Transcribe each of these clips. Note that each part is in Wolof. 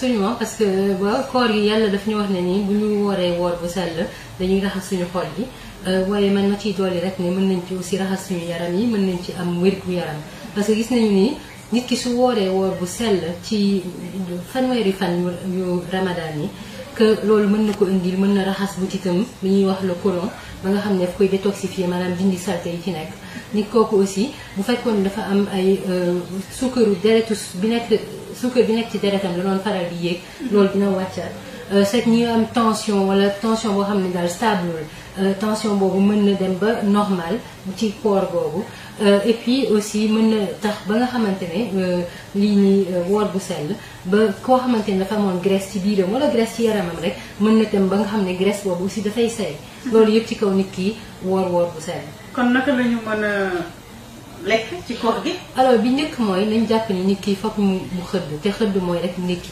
suñu parce que waaw koor yi yàlla daf ñu wax ne nii bu ñu wooree woor bu sell dañuy raxas suñu xool yi euh, waaye man ma ciy dolli rek ne mën nañ ci aussi raxas suñu yaram yi mën nañ ci am wérgu yaram parce que gis nañu ni nit ki su wooree woor bu sell ci fanweeri fan yu ramadaan yi que loolu mën na ko indil mën na raxas bu butitam bu ñuy wax le côlon ba nga xam ne daf koy détoxifier maanaam dindi salte yi ci nekk nit kooku aussi bu fekkoon dafa am ay euh, sukkaru suukar bi nekk ci deretam la doon faral di yéeg loolu dina wàccal c'est que euh, ñu am tension wala tension boo xam ne daal stable euh, tension boobu mën na dem ba normal ci koor boobu euh, et puis aussi mën na tax ba nga xamante ne lii nii woor bu sell ba koo xamante ne dafa amoon graisse ci biiram wala graisse ci yaramam rek mën na dem ba nga xam ne graisse boobu aussi dafay seey mm-hmm. loolu yëpp ci kaw nit ki woor woor bu sell kon naka lañu mën lekk ci koor gi. alors bi njëkk mooy nañ jàpp ni nit ki foog mu mu xëdd te xëdd mooy rek nit ki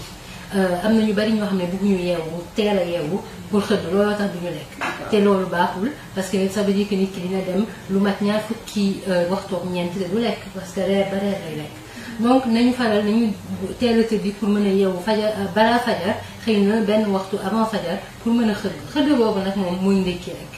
euh, am na ñu bari ñoo xam ne bëgguñu yeewu teel a yeewu pour xëdd looloo tax duñu lekk. te loolu baaxul parce que ça veut dire que ki dina dem lu mat ñaar fukki euh, waxtu ak ñeent te du lekk parce que reer ba reer lañu lekk. donc nañu faral nañu teel a tëddi pour mën a yeewu fajar euh, balaa fajar xëy na benn waxtu avant fajar pour mën a xëdd xëdd boobu nag moom mooy ndékki rek.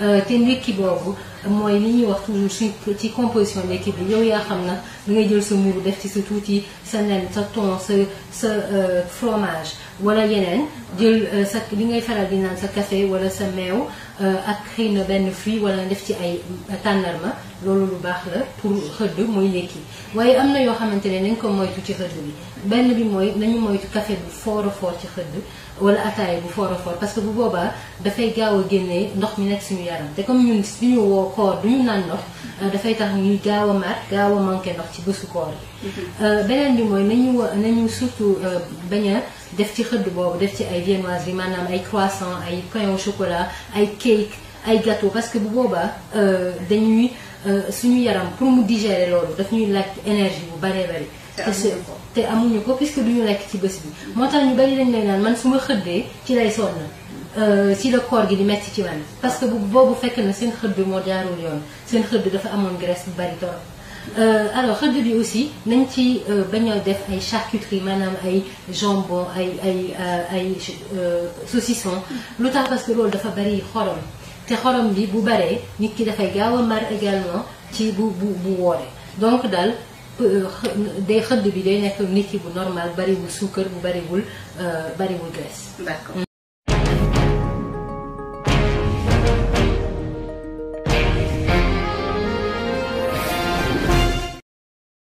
Euh, te ndékki boobu mooy li ñuy wax toujours ci ci composition ndékki bi yow yaa xam na da ngay jël sa mburu def ci sa tuuti sa nen sa thon sa sa euh, fromage wala yeneen jël euh, sa li ngay faral di naan sa café wala sa meew euh, ak xëy na benn fruit wala def ci ay euh, tànnarma loolu lu baax la pour xëdd mooy lekki waaye am na yoo xamante ne nañ ko moytu ci xëdd bi benn bi mooy nañu moytu café bu foor a foor ci xëdd wala ataay bu foor a foor parce que bu boobaa dafay gaaw a génnee ndox mi nekk suñu yaram te comme ñun du du ñu naan ndox dafay tax ñuy gaaw a mar gaaw a ci bésu koor mm-hmm. beneen bi mooy nañu nañu surtout bañ def ci xëdd boobu def ci ay viennoiserie maanaam ay croissant ay pain au chocolat ay cake ay gâteau parce que bu boobaa euh, dañuy euh, suñu yaram pour mu digérer loolu daf ñuy laaj énergie bu baree bari te amuñu ko puisque duñu lekk ci bés bi moo tax ñu bari lañ lay naan man su ma xëddee ci lay sonn si euh, la koor gi di metti ci man parce que bu boobu fekk na seen xëdd moo jaarul yoon seen xëdd dafa amoon graisse bu bari torop Euh, alors xëdd bi aussi nañ ci euh, bañ a def ay charcuterie maanaam ay jambon ay ay euh, ay saucisson lu tax parce que loolu dafa bari xorom te xorom bi bu baree nit ki dafay gaaw a mar également ci bu bu bu donc daal day xëdd bi day nekk nit bu normal bariwul suukar bu bariwul bariwul graisse. d'accord.